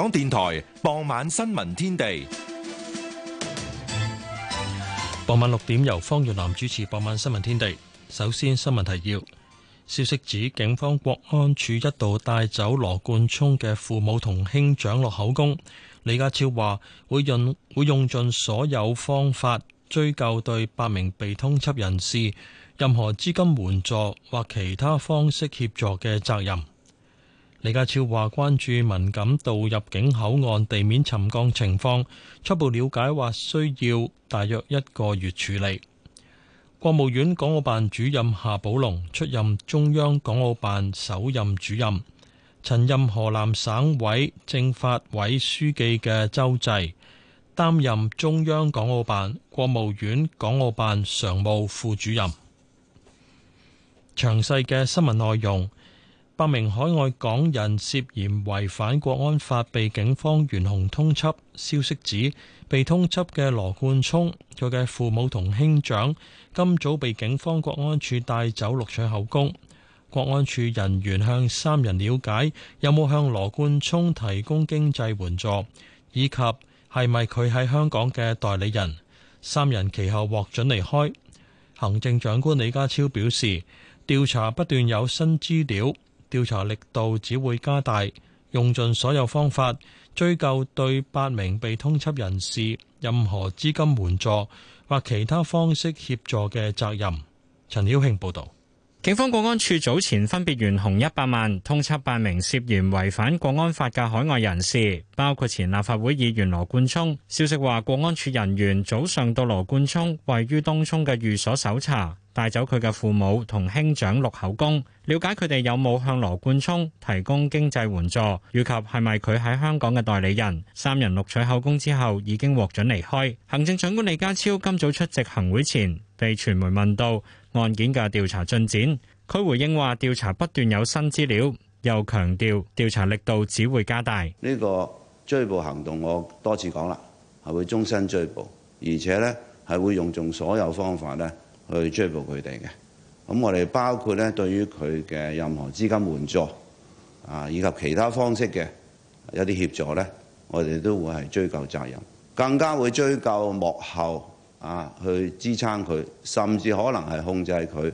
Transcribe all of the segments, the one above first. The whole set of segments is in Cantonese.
港電台傍晚新聞天地。傍晚六點由方若男主持傍晚新聞天地。首先新聞提要，消息指警方國安處一度帶走羅冠聰嘅父母同兄長落口供。李家超話會用會用盡所有方法追究對八名被通緝人士任何資金援助或其他方式協助嘅責任。李家超話關注敏感度入境口岸地面沉降情況，初步了解或需要大約一個月處理。國務院港澳辦主任夏寶龍出任中央港澳辦首任主任，曾任河南省委政法委書記嘅周濟擔任中央港澳辦、國務院港澳辦常務副主任。詳細嘅新聞內容。八名海外港人涉嫌違反國安法被警方懸紅通緝，消息指被通緝嘅羅冠聰，佢嘅父母同兄長今早被警方國安處帶走錄取口供。國安處人員向三人瞭解有冇向羅冠聰提供經濟援助，以及係咪佢喺香港嘅代理人。三人其後獲准離開。行政長官李家超表示，調查不斷有新資料。調查力度只會加大，用盡所有方法追究對八名被通緝人士任何資金援助或其他方式協助嘅責任。陳曉慶報導。警方國安處早前分別懸紅一百萬通緝八名涉嫌違反國安法嘅海外人士，包括前立法會議員羅冠聰。消息話，國安處人員早上到羅冠聰位於東涌嘅寓所搜查。帶走佢嘅父母同兄長錄口供，了解佢哋有冇向羅冠聰提供經濟援助，以及係咪佢喺香港嘅代理人。三人錄取口供之後，已經獲准離開。行政長官李家超今早出席行會前，被傳媒問到案件嘅調查進展，佢回應話，調查不斷有新資料，又強調，調查力度只會加大。呢個追捕行動，我多次講啦，係會終身追捕，而且咧，係會用盡所有方法咧。去追捕佢哋嘅，咁我哋包括咧對於佢嘅任何資金援助啊，以及其他方式嘅一啲協助咧，我哋都會係追究責任，更加會追究幕後啊去支撐佢，甚至可能係控制佢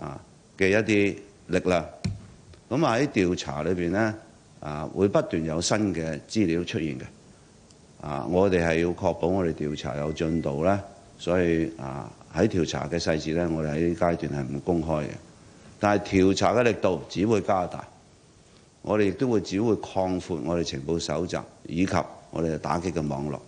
啊嘅一啲力量。咁啊，喺調查裏邊咧啊，會不斷有新嘅資料出現嘅啊，我哋係要確保我哋調查有進度啦。所以啊，喺調查嘅細節咧，我哋喺呢階段係唔公開嘅。但係調查嘅力度只會加大，我哋亦都會只會擴闊我哋情報搜集以及我哋嘅打擊嘅網絡。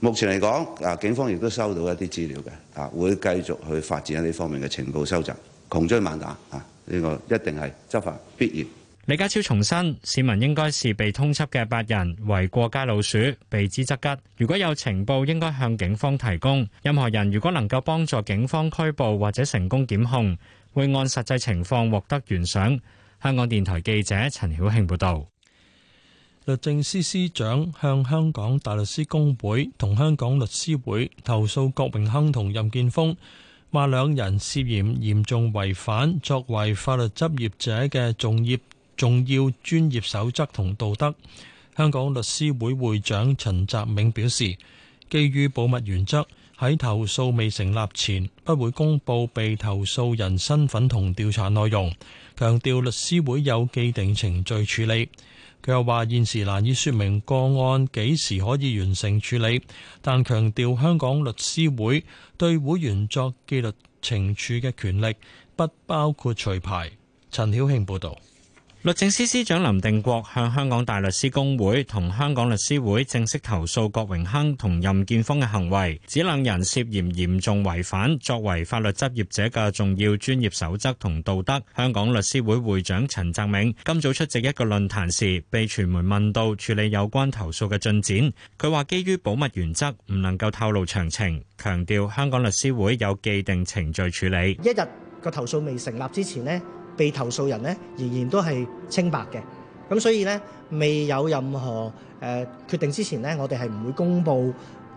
目前嚟講，啊警方亦都收到一啲資料嘅，啊會繼續去發展呢方面嘅情報搜集，窮追猛打啊！呢、這個一定係執法必然。李家超重申，市民應該視被通緝嘅八人為過街老鼠，避之則吉。如果有情報，應該向警方提供。任何人如果能夠幫助警方拘捕或者成功檢控，會按實際情況獲得懸賞。香港電台記者陳曉慶報導。律政司司長向香港大律師公會同香港律師會投訴郭榮鏗同任建峰，話兩人涉嫌嚴重違反作為法律執業者嘅重業。重要專業守則同道德。香港律師會會長陳澤銘表示，基於保密原則，喺投訴未成立前不會公佈被投訴人身份同調查內容。強調律師會有既定程序處理。佢又話，現時難以説明個案幾時可以完成處理，但強調香港律師會對會員作紀律懲處嘅權力不包括除牌。陳曉慶報導。律政司司長林定國向香港大律師公會同香港律師會正式投訴郭榮鏗同任建峰嘅行為，指兩人涉嫌嚴重違反作為法律執業者嘅重要專業守則同道德。香港律師會會長陳澤明今早出席一個論壇時，被傳媒問到處理有關投訴嘅進展，佢話基於保密原則唔能夠透露詳情，強調香港律師會有既定程序處理。一日個投訴未成立之前呢，被投訴人咧仍然都係清白嘅，咁所以咧未有任何誒決定之前咧，我哋係唔會公布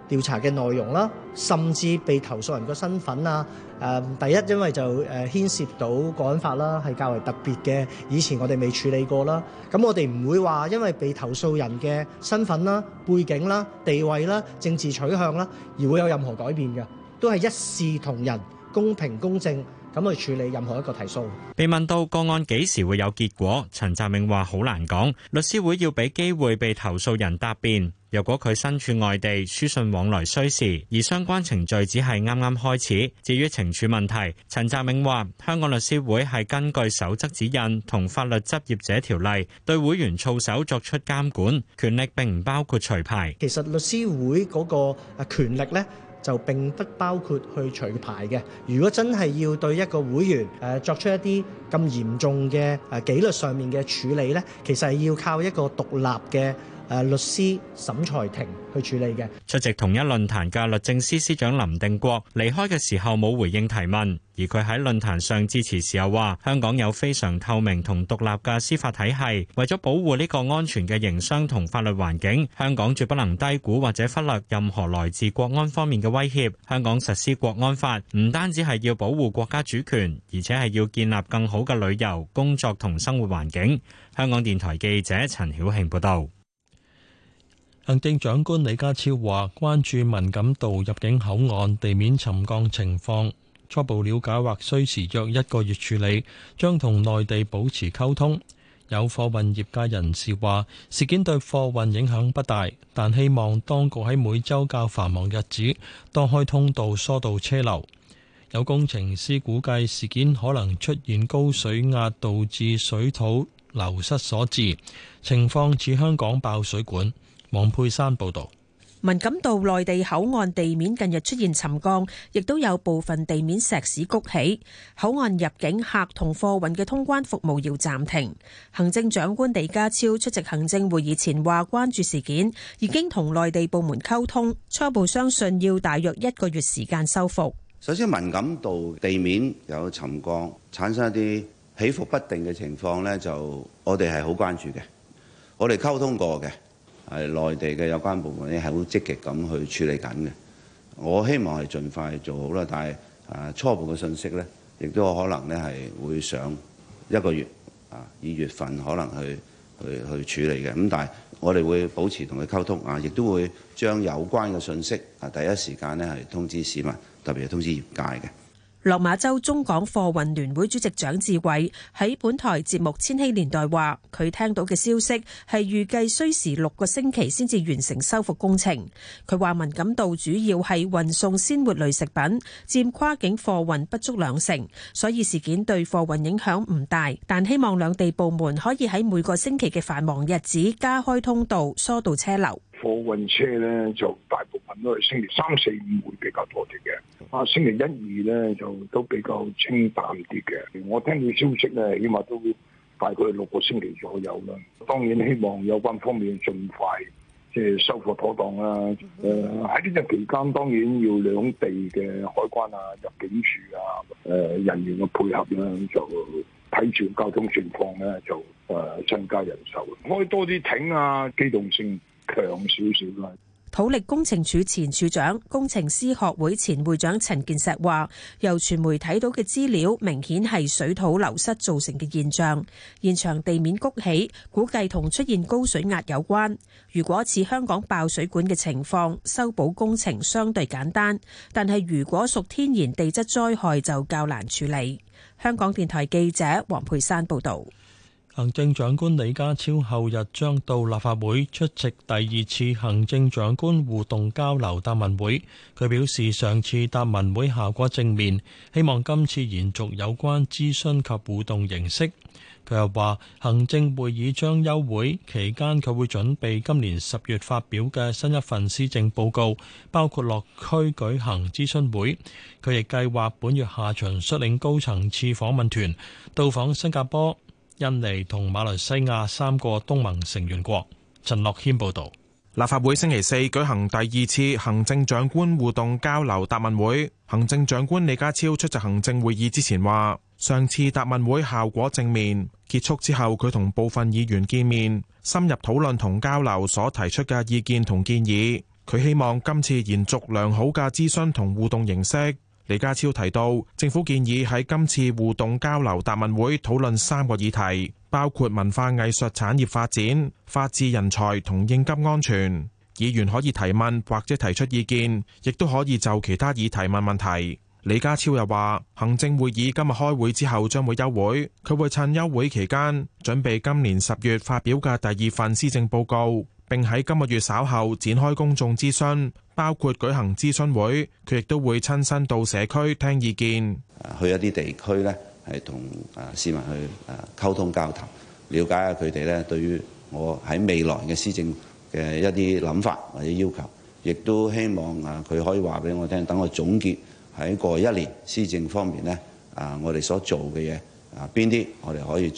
調查嘅內容啦，甚至被投訴人個身份啊，誒第一因為就誒牽涉到國安法啦，係較為特別嘅，以前我哋未處理過啦，咁我哋唔會話因為被投訴人嘅身份啦、背景啦、地位啦、政治取向啦，而會有任何改變嘅，都係一視同仁、公平公正。咁去處理任何一個提訴。被問到個案幾時會有結果，陳澤明話好難講。律師會要俾機會被投訴人答辯。若果佢身處外地，書信往來需時。而相關程序只係啱啱開始。至於懲處問題，陳澤明話香港律師會係根據守則指引同法律執業者條例對會員操守作出監管，權力並唔包括除牌。其實律師會嗰個啊權力呢，就並不包括去除牌嘅。如果真係要對一個會員誒、呃、作出一啲咁嚴重嘅誒紀律上面嘅處理咧，其實係要靠一個獨立嘅。誒律師審裁庭去處理嘅。出席同一論壇嘅律政司司長林定國離開嘅時候冇回應提問，而佢喺論壇上致辭時又話：香港有非常透明同獨立嘅司法體系，為咗保護呢個安全嘅營商同法律環境，香港絕不能低估或者忽略任何來自國安方面嘅威脅。香港實施國安法唔單止係要保護國家主權，而且係要建立更好嘅旅遊、工作同生活環境。香港電台記者陳曉慶報道。行政長官李家超話，關注文錦渡入境口岸地面沉降情況，初步了解或需時約一個月處理，將同內地保持溝通。有貨運業界人士話，事件對貨運影響不大，但希望當局喺每周較繁忙日子多開通道，疏導車流。有工程師估計，事件可能出現高水壓導致水土流失所致，情況似香港爆水管。黃佩珊報道，文錦道內地口岸地面近日出現沉降，亦都有部分地面石屎谷起，口岸入境客同貨運嘅通關服務要暫停。行政長官李家超出席行政會議前話，關注事件，已經同內地部門溝通，初步相信要大約一個月時間修復。首先，文錦道地面有沉降，產生一啲起伏不定嘅情況呢，就我哋係好關注嘅，我哋溝通過嘅。係內地嘅有關部門咧，係好積極咁去處理緊嘅，我希望係盡快做好啦。但係誒、啊、初步嘅信息呢，亦都有可能呢係會上一個月啊，二月份可能去去去處理嘅。咁但係我哋會保持同佢溝通啊，亦都會將有關嘅信息啊，第一時間呢係通知市民，特別係通知業界嘅。落馬洲中港貨運聯會主席蔣志偉喺本台節目《千禧年代》話，佢聽到嘅消息係預計需時六個星期先至完成修復工程。佢話敏感度主要係運送鮮活類食品，佔跨境貨運不足兩成，所以事件對貨運影響唔大。但希望兩地部門可以喺每個星期嘅繁忙日子加開通道，疏導車流。貨運車咧就大部分都係星期三四五會比較多啲嘅，啊星期一二咧就都比較清淡啲嘅。我聽到消息咧，起碼都大概六個星期左右啦。當然希望有關方面盡快即係收貨妥當啦、啊。誒喺呢段期間，當然要兩地嘅海關啊、入境處啊、誒、呃、人員嘅配合啦、啊，就睇住交通情況咧、啊，就誒增加人手，開多啲艇啊，機動性。強少少土力工程署前處長、工程師學會前會長陳健碩話，由傳媒睇到嘅資料，明顯係水土流失造成嘅現象。現場地面谷起，估計同出現高水壓有關。如果似香港爆水管嘅情況，修補工程相對簡單，但係如果屬天然地質災害，就較難處理。香港電台記者黃佩珊報道。行政長官李家超後日將到立法會出席第二次行政長官互動交流答問會。佢表示上次答問會效果正面，希望今次延續有關諮詢及互動形式。佢又話行政會議將休會期間，佢會準備今年十月發表嘅新一份施政報告，包括落區舉行諮詢會。佢亦計劃本月下旬率領高層次訪問團到訪新加坡。印尼同馬來西亞三個東盟成員國。陳樂謙報道，立法會星期四舉行第二次行政長官互動交流答問會。行政長官李家超出席行政會議之前話，上次答問會效果正面，結束之後佢同部分議員見面，深入討論同交流所提出嘅意見同建議。佢希望今次延續良好嘅諮詢同互動形式。李家超提到，政府建議喺今次互動交流答問會討論三個議題，包括文化藝術產業發展、法治人才同應急安全。議員可以提問或者提出意見，亦都可以就其他議題問問題。李家超又話，行政會議今日開會之後將會休會，佢會趁休會期間準備今年十月發表嘅第二份施政報告。並喺今個月稍後展開公眾諮詢，包括舉行諮詢會，佢亦都會親身到社區聽意見。去一啲地區呢，係同啊市民去啊溝通交談，了解下佢哋呢對於我喺未來嘅施政嘅一啲諗法或者要求，亦都希望啊佢可以話俾我聽，等我總結喺過一年施政方面呢，啊，我哋所做嘅嘢啊邊啲我哋可以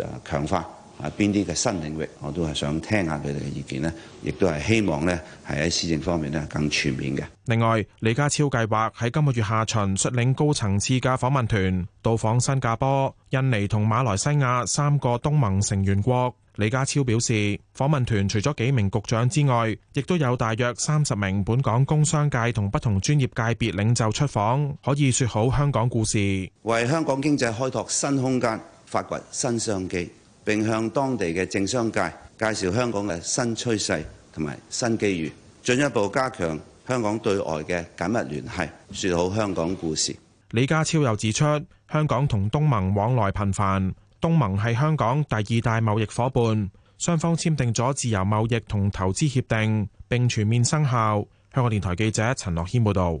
再啊強化。啊！邊啲嘅新領域我都係想聽下佢哋嘅意見，呢亦都係希望呢係喺施政方面呢更全面嘅。另外，李家超計劃喺今個月下旬率，率領高層次嘅訪問團到訪新加坡、印尼同馬來西亞三個東盟成員國。李家超表示，訪問團除咗幾名局長之外，亦都有大約三十名本港工商界同不同專業界別領袖出訪，可以説好香港故事，為香港經濟開拓新空間，發掘新商機。並向當地嘅政商界介紹香港嘅新趨勢同埋新機遇，進一步加強香港對外嘅緊密聯繫，説好香港故事。李家超又指出，香港同東盟往來頻繁，東盟係香港第二大貿易伙伴，雙方簽訂咗自由貿易同投資協定，並全面生效。香港電台記者陳樂軒報導。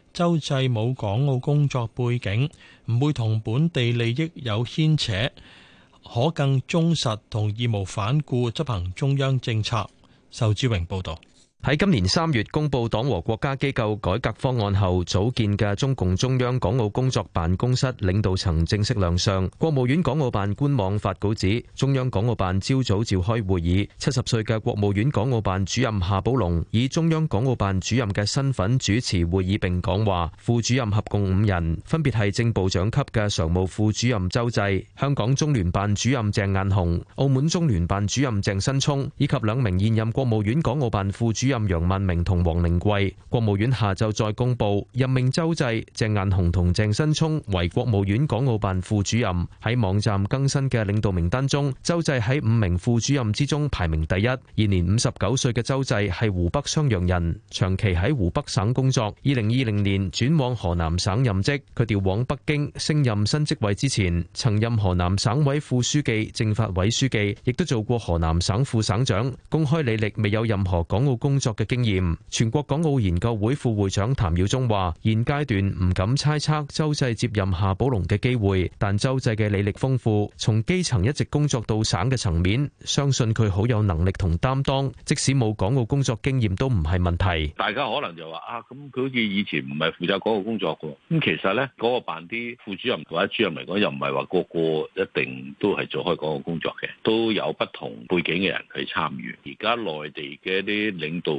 周製冇港澳工作背景，唔會同本地利益有牽扯，可更忠實同義無反顧執行中央政策。仇志榮報道。喺今年三月公布黨和國家機構改革方案後，組建嘅中共中央港澳工作辦公室領導層正式亮相。國務院港澳辦官網發稿指，中央港澳辦朝早召開會議，七十歲嘅國務院港澳辦主任夏寶龍以中央港澳辦主任嘅身份主持會議並講話，副主任合共五人，分別係正部長級嘅常務副主任周濟、香港中聯辦主任鄭雁雄、澳門中聯辦主任鄭新聰，以及兩名現任國務院港澳辦副主任。任楊萬明同王寧貴，國務院下晝再公布任命周濟、鄭雁雄同鄭新聰為國務院港澳辦副主任。喺網站更新嘅領導名單中，周濟喺五名副主任之中排名第一。現年五十九歲嘅周濟係湖北襄陽人，長期喺湖北省工作。二零二零年轉往河南省任職，佢調往北京升任新職位之前，曾任河南省委副書記、政法委書記，亦都做過河南省副省長。公開履歷未有任何港澳工。作嘅經驗，全國港澳研究會副會長譚耀宗話：現階段唔敢猜測周濟接任夏寶龍嘅機會，但周濟嘅履歷豐富，從基層一直工作到省嘅層面，相信佢好有能力同擔當。即使冇港澳工作經驗都唔係問題。大家可能就話啊，咁佢好似以前唔係負責港澳工作嘅，咁其實呢，嗰個辦啲副主任同埋主任嚟講，又唔係話個個一定都係做開港澳工作嘅，都有不同背景嘅人去參與。而家內地嘅一啲領導。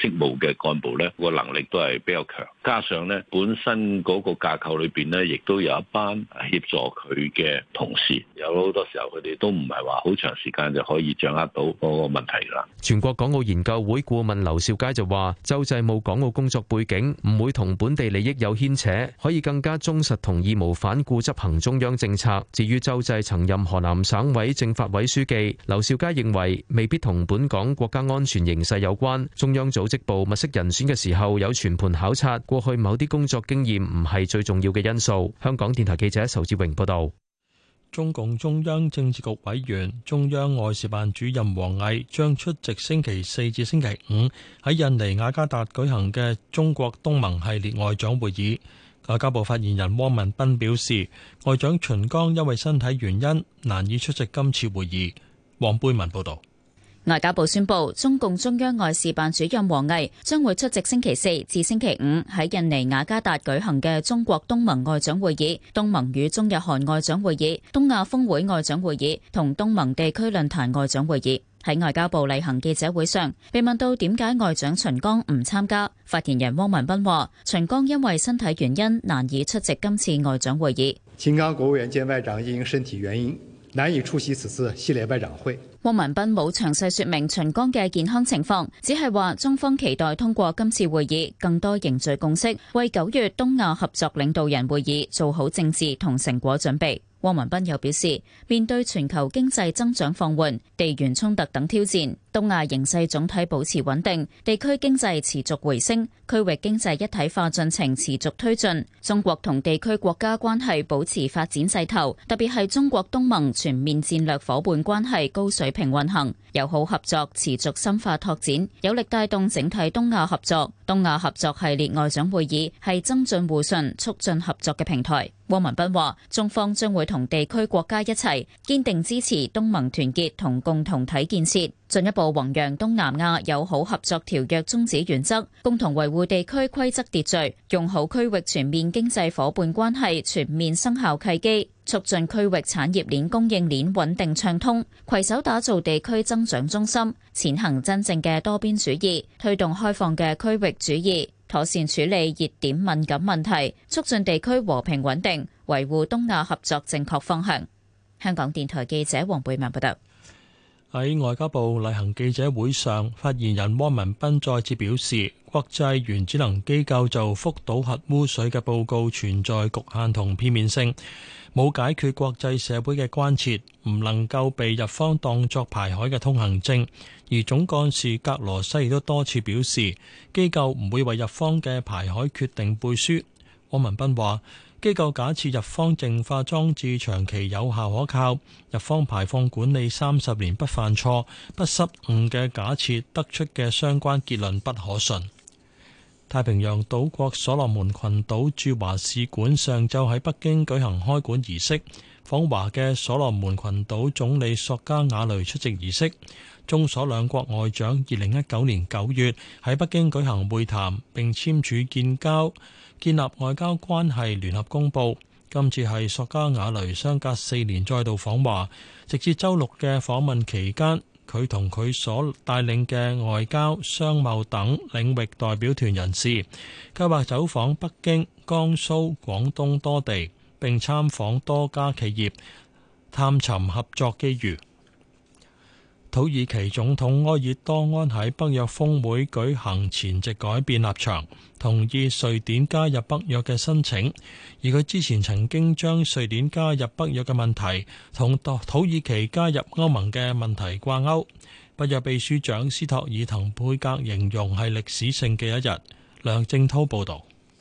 職務嘅幹部咧，個能力都係比較強，加上咧本身嗰個架構裏邊咧，亦都有一班協助佢嘅同事，有好多時候佢哋都唔係話好長時間就可以掌握到嗰個問題啦。全國港澳研究會顧問劉少佳就話，周際冇港澳工作背景唔會同本地利益有牽扯，可以更加忠實同義無反顧執行中央政策。至於周際曾任河南省委政法委書記，劉少佳認為未必同本港國家安全形勢有關。中央組織部物色人選嘅時候有全盤考察，過去某啲工作經驗唔係最重要嘅因素。香港電台記者仇志榮報道。中共中央政治局委員、中央外事辦主任王毅將出席星期四至星期五喺印尼雅加達舉行嘅中國東盟系列外長會議。外交部發言人汪文斌表示，外長秦剛因為身體原因難以出席今次會議。王貝文報道。外交部宣布，中共中央外事辦主任王毅將會出席星期四至星期五喺印尼雅加達舉行嘅中國東盟外長會議、東盟與中日韓外長會議、東亞峰會外長會議同東盟地區論壇外長會議。喺外交部例行記者會上，被問到點解外長秦剛唔參加，發言人汪文斌話：秦剛因為身體原因難以出席今次外長會議。秦剛國務委員兼外長因身體原因難以出席此次系列外長會。汪文斌冇詳細說明秦剛嘅健康情況，只係話中方期待通過今次會議更多凝聚共識，為九月東亞合作領導人會議做好政治同成果準備。汪文斌又表示，面對全球經濟增長放緩、地緣衝突等挑戰，東亞形勢總體保持穩定，地區經濟持續回升，區域經濟一體化進程持續推進，中國同地區國家關係保持發展勢頭，特別係中國東盟全面戰略夥伴關係高水。水平運行，友好合作持續深化拓展，有力帶動整體東亞合作。東亞合作系列外長會議係增進互信、促進合作嘅平台。汪文斌話：中方將會同地區國家一齊堅定支持東盟團結同共同體建設，進一步弘揚東南亞友好合作條約宗旨原則，共同維護地區規則秩序，用好區域全面經濟夥伴關係全面生效契機，促進區域產業鏈供應鏈穩定暢通，攜手打造地區增長中心，踐行真正嘅多邊主義，推動開放嘅區域主義。妥善處理熱點敏感問題，促進地區和平穩定，維護東亞合作正確方向。香港電台記者黃貝文報道。喺外交部例行記者會上，發言人汪文斌再次表示，國際原子能機構就福島核污水嘅報告存在局限同片面性。冇解決國際社會嘅關切，唔能夠被日方當作排海嘅通行證。而總幹事格羅西都多次表示，機構唔會為日方嘅排海決定背書。汪文斌話：機構假設日方淨化裝置長期有效可靠，日方排放管理三十年不犯錯，不失誤嘅假設，得出嘅相關結論不可信。太平洋島國所羅門群島駐華使館上晝喺北京舉行開館儀式，訪華嘅所羅門群島總理索加瓦雷出席儀式。中所兩國外長二零一九年九月喺北京舉行會談，並簽署建交、建立外交關係聯合公佈。今次係索加瓦雷相隔四年再度訪華，直至週六嘅訪問期間。佢同佢所帶領嘅外交、商貿等領域代表團人士計劃走訪北京、江蘇、廣東多地，並參訪多家企業，探尋合作機遇。土耳其總統埃爾多安喺北約峰會舉行前夕改變立場，同意瑞典加入北約嘅申請。而佢之前曾經將瑞典加入北約嘅問題同土耳其加入歐盟嘅問題掛鈎。北約秘書長斯托爾滕貝格形容係歷史性嘅一日。梁正濤報導。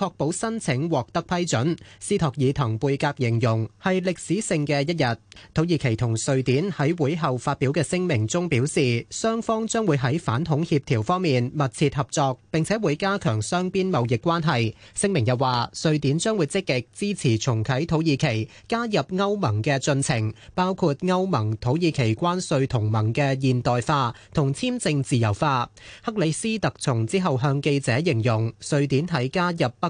確保申請獲得批准，斯托爾滕貝格形容係歷史性嘅一日。土耳其同瑞典喺會後發表嘅聲明中表示，雙方將會喺反恐協調方面密切合作，並且會加強雙邊貿易關係。聲明又話，瑞典將會積極支持重啟土耳其加入歐盟嘅進程，包括歐盟土耳其關稅同盟嘅現代化同簽證自由化。克里斯特松之後向記者形容，瑞典喺加入北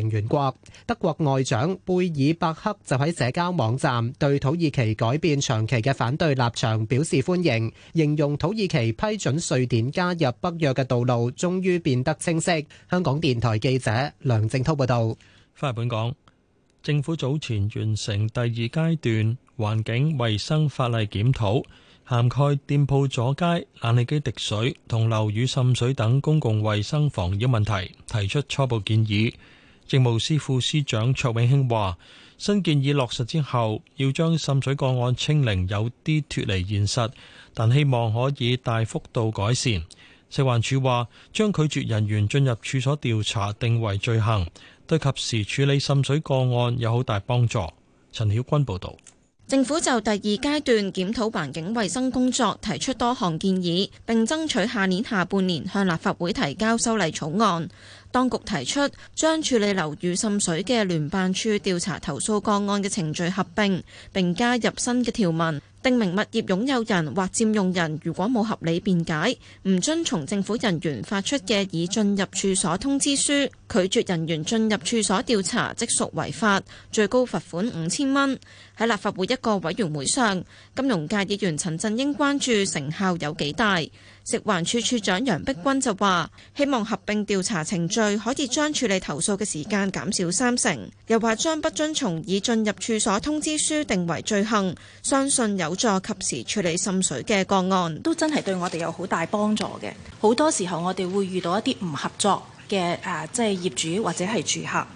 成員國德國外長貝爾伯克就喺社交網站對土耳其改變長期嘅反對立場表示歡迎，形容土耳其批准瑞典加入北約嘅道路終於變得清晰。香港電台記者梁正濤報道。翻嚟本港，政府早前完成第二階段環境衛生法例檢討，涵蓋店鋪阻街、冷氣機滴水同樓宇滲水等公共衛生防疫問題，提出初步建議。政務司副司長卓永興話：新建議落實之後，要將滲水個案清零，有啲脫離現實，但希望可以大幅度改善。食環署話，將拒絕人員進入處所調查定為罪行，對及時處理滲水個案有好大幫助。陳曉君報道。政府就第二階段檢討環境衛生工作提出多項建議，並爭取下年下半年向立法會提交修例草案。當局提出將處理樓宇滲水嘅聯辦處調查投訴個案嘅程序合併，並加入新嘅條文，訂明物業擁有人或佔用人如果冇合理辯解，唔遵從政府人員發出嘅已進入處所通知書，拒絕人員進入處所調查，即屬違法，最高罰款五千蚊。喺立法會一個委員會上，金融界議員陳振英關注成效有幾大？食環處處長楊碧君就話，希望合併調查程序可以將處理投訴嘅時間減少三成。又話將不遵從以進入處所通知書定為罪行，相信有助及時處理滲水嘅個案。都真係對我哋有好大幫助嘅。好多時候我哋會遇到一啲唔合作嘅、誒，即係業主或者係住客。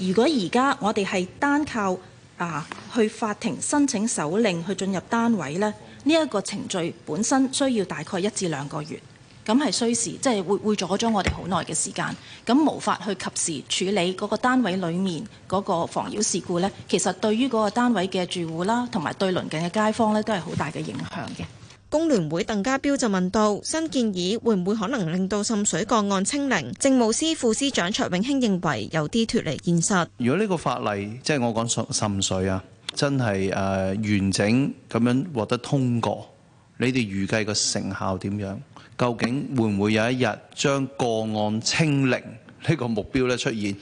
如果而家我哋係單靠啊去法庭申請手令去進入單位呢，呢一個程序本身需要大概一至兩個月，咁係需時，即係會會阻咗我哋好耐嘅時間，咁無法去及時處理嗰個單位裡面嗰個防擾事故呢，其實對於嗰個單位嘅住戶啦，同埋對鄰近嘅街坊呢，都係好大嘅影響嘅。工聯會鄧家彪就問到：新建議會唔會可能令到滲水個案清零？政務司副司長卓永興認為有啲脫離現實。如果呢個法例即係、就是、我講滲滲水啊？真係誒、uh, 完整咁樣獲得通過，你哋預計個成效點樣，究竟會唔會有一日將個案清零呢個目標咧出現，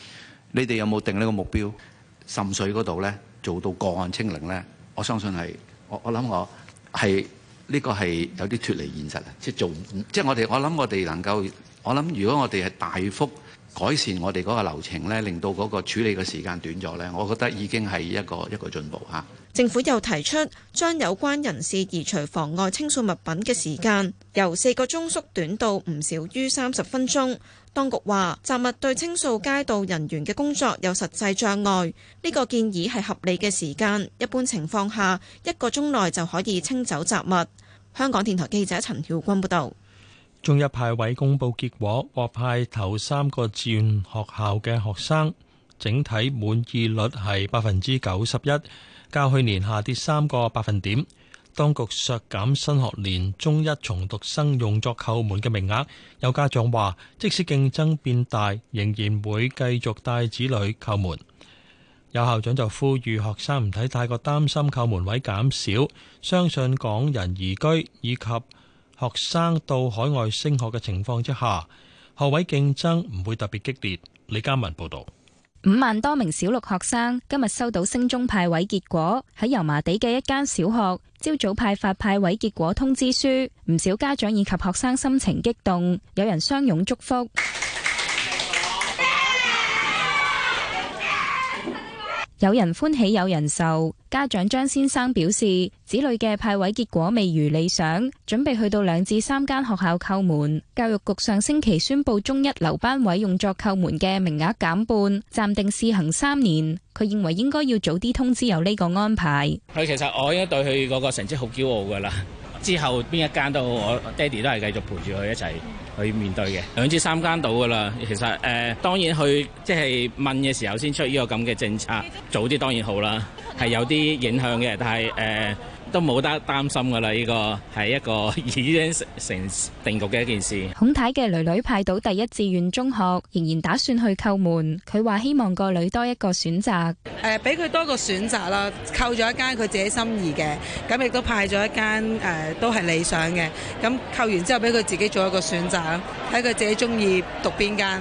你哋有冇定呢個目標滲水嗰度咧做到個案清零咧？我相信係我我諗我係呢個係有啲脱離現實啊！即係做，即係我哋我諗我哋能夠，我諗如果我哋係大幅。改善我哋嗰個流程咧，令到嗰個處理嘅時間短咗咧，我覺得已經係一個一個進步吓。政府又提出將有關人士移除妨礙清掃物品嘅時間由四個鐘縮短到唔少於三十分鐘，當局話雜物對清掃街道人員嘅工作有實際障礙，呢個建議係合理嘅時間，一般情況下一個鐘內就可以清走雜物。香港電台記者陳曉君報道。中一派位公布結果，獲派頭三個志願學校嘅學生整體滿意率係百分之九十一，較去年下跌三個百分點。當局削減新學年中一重讀生用作叩門嘅名額，有家長話，即使競爭變大，仍然會繼續帶子女叩門。有校長就呼籲學生唔使太過擔心叩門位減少，相信港人移居以及。學生到海外升學嘅情況之下，學位競爭唔會特別激烈。李家文報道，五萬多名小六學生今日收到升中派位結果，喺油麻地嘅一間小學，朝早派發派位結果通知書，唔少家長以及學生心情激動，有人相擁祝福。有人歡喜有人愁。家長張先生表示，子女嘅派位結果未如理想，準備去到兩至三間學校叩門。教育局上星期宣布，中一留班位用作叩門嘅名額減半，暫定試行三年。佢認為應該要早啲通知有呢個安排。佢其實我應該對佢嗰個成績好驕傲㗎喇，之後邊一間都好，我爹哋都係繼續陪住佢一齊去面對嘅兩至三間到㗎啦，其實誒、呃、當然去即係問嘅時候先出呢個咁嘅政策，早啲當然好啦，係有啲影響嘅，但係誒。呃都冇得擔心噶啦，呢、這個係一個已經成，成定局嘅一件事。孔太嘅女女派到第一志願中學，仍然打算去叩門。佢話希望個女多一個選擇，誒俾佢多個選擇啦。扣咗一間佢自己心儀嘅，咁亦、呃、都派咗一間誒都係理想嘅。咁扣完之後俾佢自己做一個選擇，睇佢自己中意讀邊間。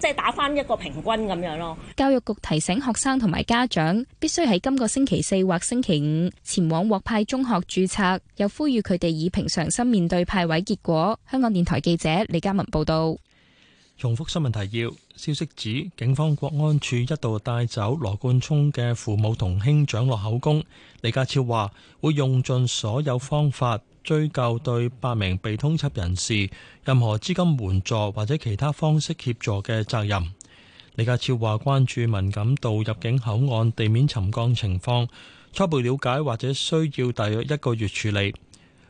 即係打翻一個平均咁樣咯。教育局提醒學生同埋家長必須喺今個星期四或星期五前往獲派中學注冊，又呼籲佢哋以平常心面對派位結果。香港電台記者李嘉文報道。重複新聞提要：消息指警方國安處一度帶走羅冠聰嘅父母同兄長落口供。李家超話會用盡所有方法。追究對八名被通緝人士任何資金援助或者其他方式協助嘅責任。李家超話：關注敏感度入境口岸地面沉降情況，初步了解或者需要大約一個月處理。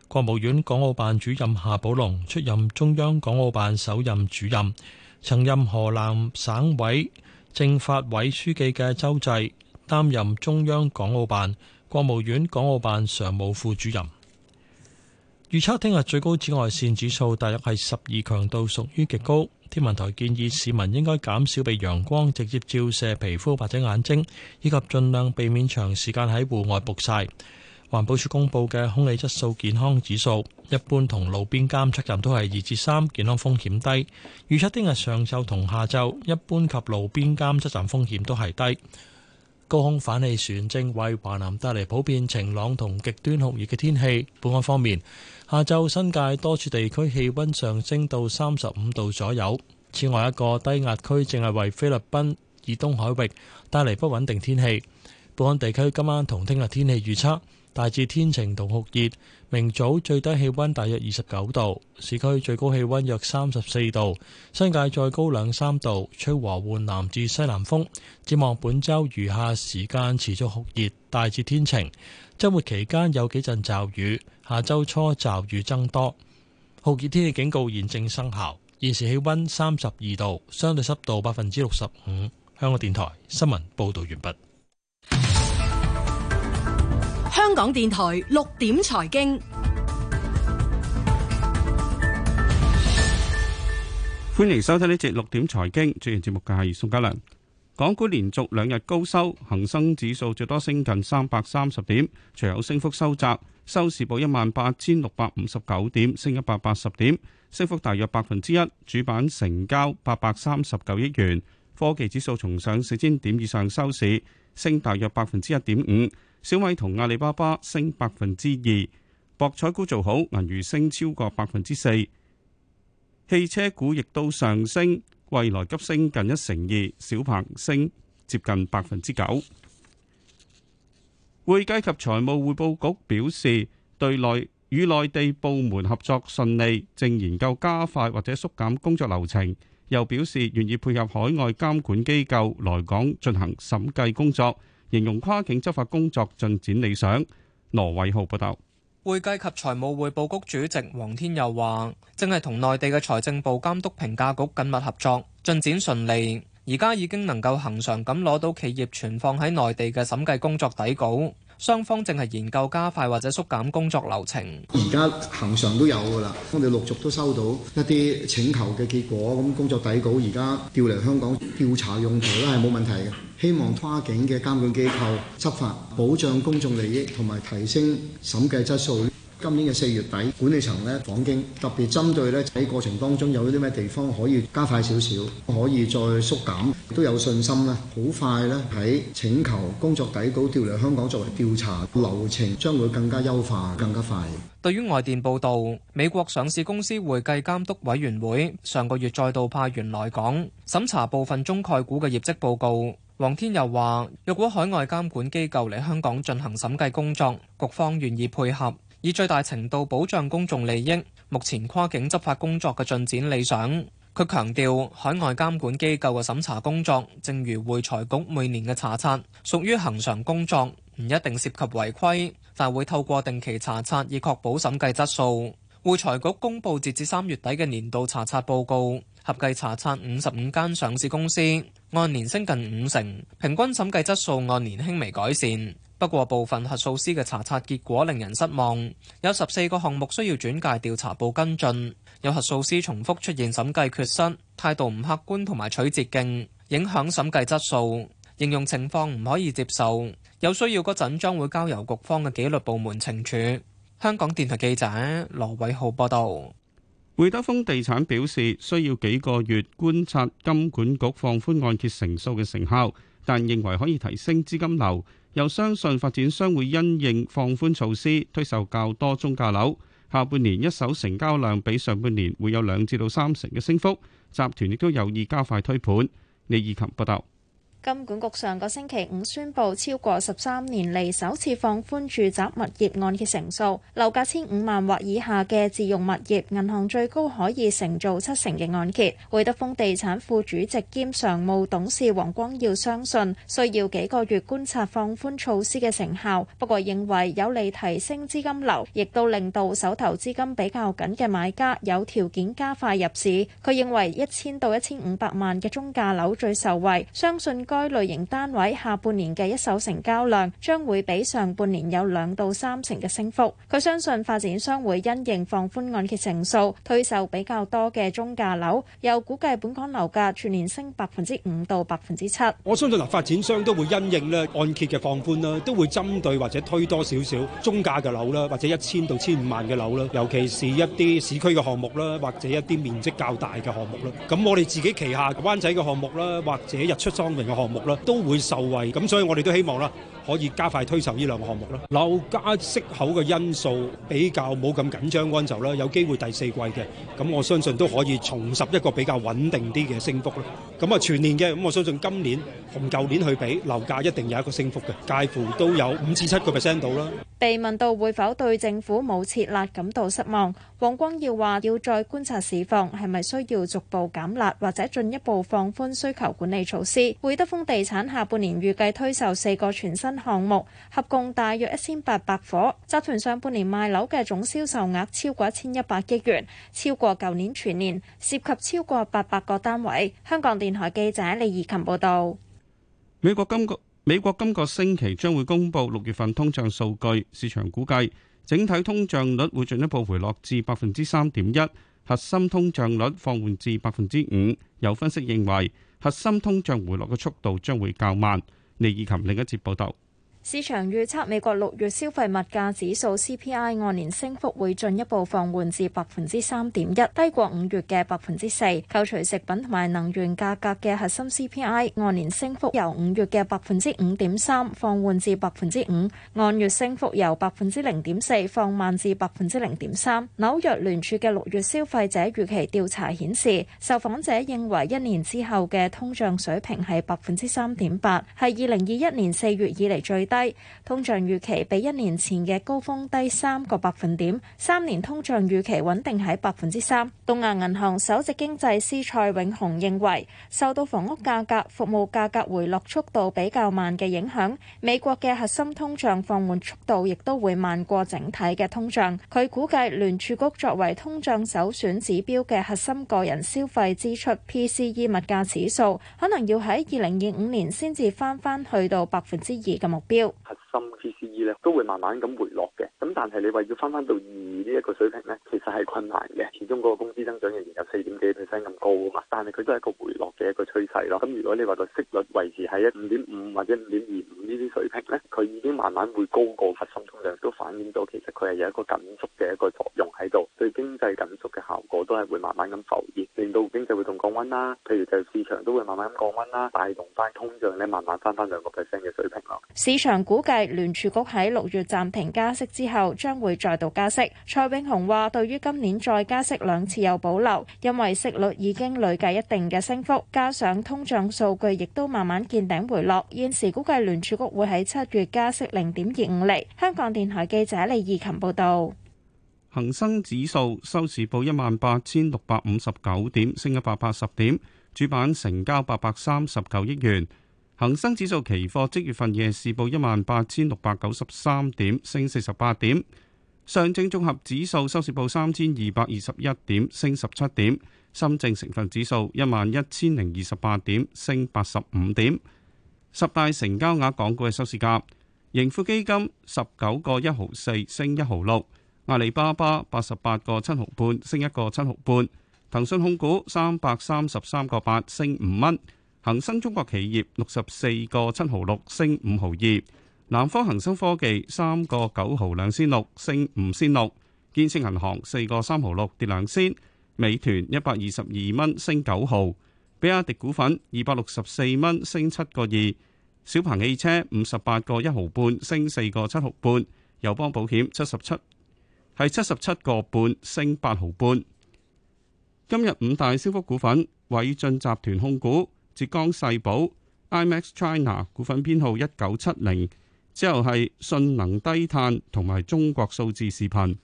國務院港澳辦主任夏寶龍出任中央港澳辦首任主任，曾任河南省委政法委書記嘅周濟擔任中央港澳辦、國務院港澳辦常務副主任。預測聽日最高紫外線指數大約係十二強度，屬於極高。天文台建議市民應該減少被陽光直接照射皮膚或者眼睛，以及盡量避免長時間喺戶外曝曬。環保署公布嘅空氣質素健康指數，一般同路邊監測站都係二至三，健康風險低。預測聽日上晝同下晝，一般及路邊監測站風險都係低。高空反氣旋正為華南帶嚟普遍晴朗同極端酷熱嘅天氣。本港方面。下晝新界多處地區氣温上升到三十五度左右。此外，一個低壓區正係為菲律賓以東海域帶嚟不穩定天氣。本港地區今晚同聽日天氣預測大致天晴同酷熱，明早最低氣温大約二十九度，市區最高氣温約三十四度，新界再高兩三度，吹和緩南至西南風。展望本週餘下時間持續酷熱，大致天晴，周末期間有幾陣驟雨。下周初驟雨增多，酷熱天氣警告現正生效。現時氣溫三十二度，相對濕度百分之六十五。香港電台新聞報道完畢。香港電台六點財經，歡迎收聽呢節六點財經，主持節目嘅係宋嘉良。港股連續兩日高收，恒生指數最多升近三百三十點，隨後升幅收窄，收市報一萬八千六百五十九點，升一百八十點，升幅大約百分之一。主板成交八百三十九億元，科技指數重上四千點以上收市，升大約百分之一點五。小米同阿里巴巴升百分之二，博彩股做好，銀娛升超過百分之四，汽車股亦都上升。未來急升近一成二，小鵬升接近百分之九。會計及財務匯報局表示，對內與內地部門合作順利，正研究加快或者縮減工作流程。又表示願意配合海外監管機構來港進行審計工作，形容跨境執法工作進展理想。羅偉浩報道。會計及財務匯報局主席黃天佑話，正係同內地嘅財政部監督評價局緊密合作，進展順利，而家已經能夠恒常咁攞到企業存放喺內地嘅審計工作底稿。雙方正係研究加快或者縮減工作流程。而家行上都有㗎啦，我哋陸續都收到一啲請求嘅結果。工作底稿而家調嚟香港，調查用途咧係冇問題嘅。希望跨境嘅監管機構執法，保障公眾利益同埋提升審計質素。今年嘅四月底，管理層呢訪京，特別針對呢喺過程當中有啲咩地方可以加快少少，可以再縮減都有信心呢好快呢喺請求工作底稿調嚟香港作為調查流程，將會更加優化，更加快。對於外電報道，美國上市公司會計監督委員會上個月再度派員來港審查部分中概股嘅業績報告。黃天佑話，若果海外監管機構嚟香港進行審計工作，局方願意配合。以最大程度保障公眾利益，目前跨境執法工作嘅進展理想。佢強調，海外監管機構嘅審查工作，正如會財局每年嘅查冊屬於恆常工作，唔一定涉及違規，但會透過定期查冊以確保審計質素。會財局公布截至三月底嘅年度查冊報告，合計查冊五十五間上市公司，按年升近五成，平均審計質素按年輕微改善。不過部分核數師嘅查察結果令人失望，有十四個項目需要轉介調查部跟進，有核數師重複出現審計缺失，態度唔客觀同埋取捷徑，影響審計質素，應用情況唔可以接受。有需要嗰陣將會交由局方嘅紀律部門懲處。香港電台記者羅偉浩報道。匯德豐地產表示，需要幾個月觀察金管局放寬按揭成數嘅成效，但認為可以提升資金流。又相信發展商會因應放寬措施推售較多中價樓，下半年一手成交量比上半年會有兩至到三成嘅升幅。集團亦都有意加快推盤。李以琴報道。金管局上個星期五宣布，超過十三年嚟首次放寬住宅物業按揭成數，樓價千五萬或以下嘅自用物業，銀行最高可以承做七成嘅按揭。會德豐地產副主席兼常務董事黃光耀相信，需要幾個月觀察放寬措施嘅成效，不過認為有利提升資金流，亦都令到手頭資金比較緊嘅買家有條件加快入市。佢認為一千到一千五百萬嘅中價樓最受惠，相信，該類型單位下半年嘅一手成交量將會比上半年有兩到三成嘅升幅。佢相信發展商會因應放寬按揭成數，推售比較多嘅中價樓。又估計本港樓價全年升百分之五到百分之七。我相信嗱，發展商都會因應咧按揭嘅放寬啦，都會針對或者推多少少中價嘅樓啦，或者一千到千五萬嘅樓啦，尤其是一啲市區嘅項目啦，或者一啲面積較大嘅項目啦。咁我哋自己旗下灣仔嘅項目啦，或者日出莊榮嘅項目啦，都會受惠，咁所以我哋都希望啦，可以加快推售呢兩個項目啦。樓價息口嘅因素比較冇咁緊張嗰陣就啦，有機會第四季嘅，咁我相信都可以重拾一個比較穩定啲嘅升幅啦。咁啊全年嘅，咁我相信今年同舊年去比樓價一定有一個升幅嘅，介乎都有五至七個 percent 到啦。被問到會否對政府冇撤辣感到失望，黃光耀話要再觀察市況，係咪需要逐步減辣或者進一步放寬需求管理措施。會德豐地產下半年預計推售四個全新項目，合共大約一千八百伙。集團上半年賣樓嘅總銷售額超過一千一百億元，超過舊年全年，涉及超過八百個單位。香港電台記者李怡琴報道。美國金局。美國今個星期將會公布六月份通脹數據，市場估計整體通脹率會進一步回落至百分之三點一，核心通脹率放緩至百分之五。有分析認為，核心通脹回落嘅速度將會較慢。李爾琴另一節報道。市場預測美國六月消費物價指數 CPI 按年升幅會進一步放緩至百分之三點一，低過五月嘅百分之四。扣除食品同埋能源價格嘅核心 CPI 按年升幅由五月嘅百分之五點三放緩至百分之五，按月升幅由百分之零點四放慢至百分之零點三。紐約聯儲嘅六月消費者預期調查顯示，受訪者認為一年之後嘅通脹水平係百分之三點八，係二零二一年四月以嚟最低通脹預期比一年前嘅高峰低三個百分點，三年通脹預期穩定喺百分之三。東亞銀行首席經濟師蔡永雄認為，受到房屋價格、服務價格回落速度比較慢嘅影響，美國嘅核心通脹放緩速度亦都會慢過整體嘅通脹。佢估計聯儲局作為通脹首選指標嘅核心個人消費支出 PCE 物價指數，可能要喺二零二五年先至返返去到百分之二嘅目標。核心 PCE 咧都會慢慢咁回落嘅，咁但係你話要翻翻到二呢一個水平咧，其實係困難嘅。始終嗰個工資增長仍然有四點幾 percent 咁高啊嘛，但係佢都係一個回落嘅一個趨勢咯。咁如果你話個息率維持喺一五點五或者五點二五呢啲水平咧，佢已經慢慢會高過核心通脹，都反映到其實佢係有一個緊縮嘅一個作用喺度，對經濟緊縮嘅效果都係會慢慢咁浮現，令到經濟會仲降溫啦。譬如就市場都會慢慢咁降溫啦，帶動翻通脹咧，慢慢翻翻兩個 percent 嘅水平。市場估計聯儲局喺六月暫停加息之後，將會再度加息。蔡永雄話：對於今年再加息兩次有保留，因為息率已經累計一定嘅升幅，加上通脹數據亦都慢慢見頂回落。現時估計聯儲局會喺七月加息零點二五厘。香港電台記者李義琴報道：恒生指數收市報一萬八千六百五十九點，升一百八十點，主板成交八百三十九億元。恒生指數期貨即月份夜市報一萬八千六百九十三點，升四十八點。上證綜合指數收市報三千二百二十一點，升十七點。深證成分指數一萬一千零二十八點，升八十五點。十大成交額港股嘅收市價：盈富基金十九個一毫四，升一毫六；阿里巴巴八十八個七毫半，升一個七毫半；騰訊控股三百三十三個八，升五蚊。恒生中國企業六十四個七毫六，升五毫二，南方恒生科技三個九毫兩仙六，升五仙六，建設銀行四個三毫六，跌兩仙，美團一百二十二蚊，升九毫，比亞迪股份二百六十四蚊，升七個二，小鵬汽車五十八個一毫半，升四個七毫半，友邦保險七十七係七十七個半，升八毫半。今日五大升幅股份：偉俊集團控股。浙江世寶、IMAX China 股份編號一九七零，之後係信能低碳，同埋中國數字視頻。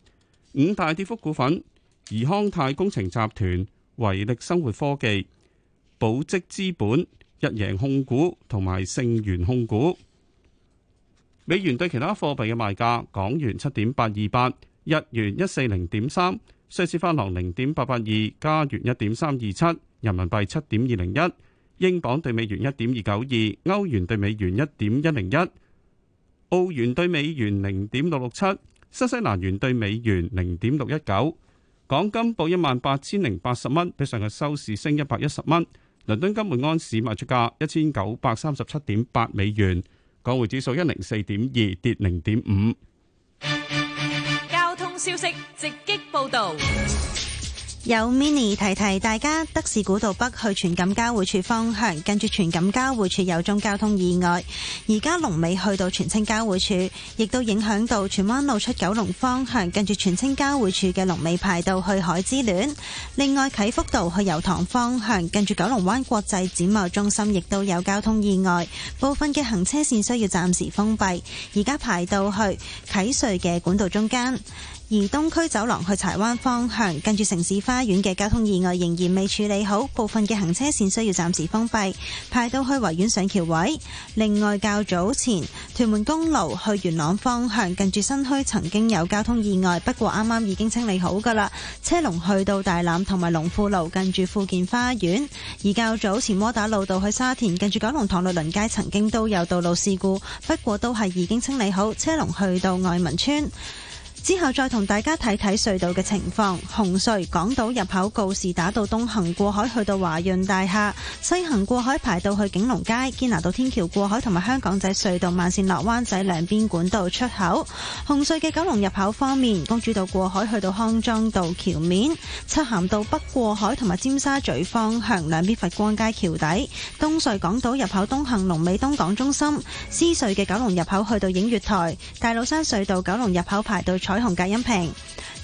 五大跌幅股份。怡康泰工程集團、維力生活科技、保積資本、日贏控股同埋盛源控股。美元對其他貨幣嘅賣價：港元七點八二八，日元一四零點三，瑞士法郎零點八八二，加元一點三二七，人民幣七點二零一。英鎊兌美元一點二九二，歐元兌美元一點一零一，澳元兌美元零點六六七，新西蘭元兌美元零點六一九。港金報一萬八千零八十蚊，比上日收市升一百一十蚊。倫敦金每安士賣出價一千九百三十七點八美元，港匯指數一零四點二，跌零點五。交通消息，直擊報道。有 mini 提提大家，德士古道北去荃錦交匯處方向，近住荃錦交匯處有宗交通意外，而家龍尾去到荃青交匯處，亦都影響到荃灣路出九龍方向，近住荃青交匯處嘅龍尾排到去海之戀。另外，啟福道去油塘方向，近住九龍灣國際展貿中心亦都有交通意外，部分嘅行車線需要暫時封閉，而家排到去啟瑞嘅管道中間。而東區走廊去柴灣方向，近住城市花園嘅交通意外仍然未處理好，部分嘅行車線需要暫時封閉，排到去維園上橋位。另外，較早前屯門公路去元朗方向，近住新墟曾經有交通意外，不過啱啱已經清理好㗎喇。車龍去到大欖同埋龍富路，近住富健花園。而較早前窩打老道去沙田，近住九龍塘路鄰街曾經都有道路事故，不過都係已經清理好，車龍去到愛民村。之後再同大家睇睇隧道嘅情況。紅隧港島入口告士打道東行過海去到華潤大廈，西行過海排到去景隆街、堅拿道天橋過海同埋香港仔隧道慢線落灣仔兩邊管道出口。紅隧嘅九龍入口方面，公主道過海去到康莊道橋面，漆咸道北過海同埋尖沙咀方向兩邊佛光街橋底。東隧港島入口東行龍尾東港中心，獅隧嘅九龍入口去到映月台、大老山隧道九龍入口排到彩彩虹隔音屏。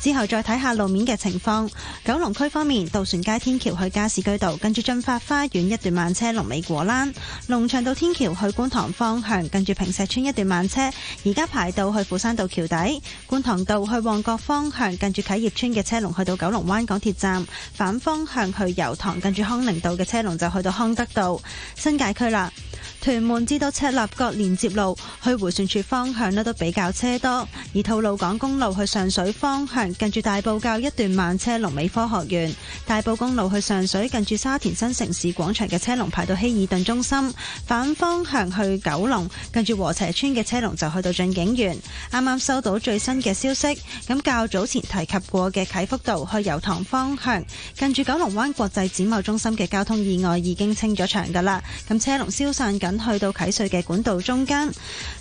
之後再睇下路面嘅情況。九龍區方面，渡船街天橋去加士居道，跟住駿發花園一段慢車龍；龍尾果欄，龍翔道天橋去觀塘方向，跟住平石村一段慢車。而家排到去斧山道橋底，觀塘道去旺角方向，跟住啟業村嘅車龍去到九龍灣港鐵站。反方向去油塘，跟住康寧道嘅車龍就去到康德道。新界區啦。屯門至到赤鱲角連接路去迴旋處方向咧都比較車多，而吐露港公路去上水方向。近住大埔滘一段慢車龍尾科學園，大埔公路去上水，近住沙田新城市廣場嘅車龍排到希爾頓中心，反方向去九龍，近住禾輋村嘅車龍就去到駿景園。啱啱收到最新嘅消息，咁較早前提及過嘅啟福道去油塘方向，近住九龍灣國際展貿中心嘅交通意外已經清咗場㗎啦。咁車龍消散緊去到啟瑞嘅管道中間。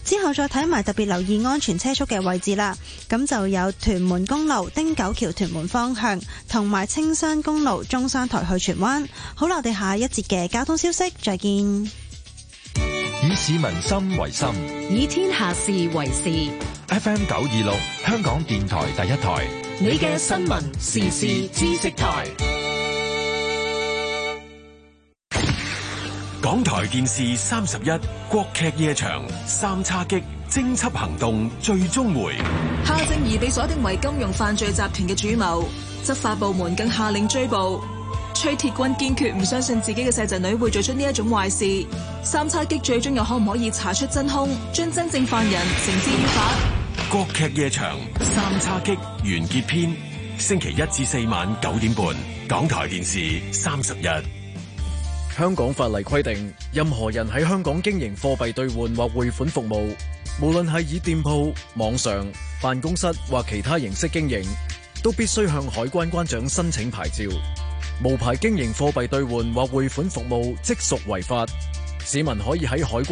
之後再睇埋，特別留意安全車速嘅位置啦。咁就有屯門公路。汀九橋屯門方向，同埋青山公路中山台去荃灣。好啦，我哋下一節嘅交通消息，再見。以市民心為心，以天下事為事。F M 九二六，香港電台第一台，你嘅新聞、時事、知識台。港台電視三十一，國劇夜場三叉戟。偵緝行動最終回，夏正義被鎖定為金融犯罪集團嘅主謀，執法部門更下令追捕。崔鐵軍堅決唔相信自己嘅細侄女會做出呢一種壞事。三叉戟最終又可唔可以查出真兇，將真正犯人繩之以法？國劇夜場《三叉戟》完結篇，星期一至四晚九點半，港台電視三十一。香港法例規定，任何人喺香港經營貨幣兌換或匯款服務，無論係以店鋪、網上、辦公室或其他形式經營，都必須向海關關長申請牌照。無牌經營貨幣兌換或匯款服務，即屬違法。市民可以喺海關。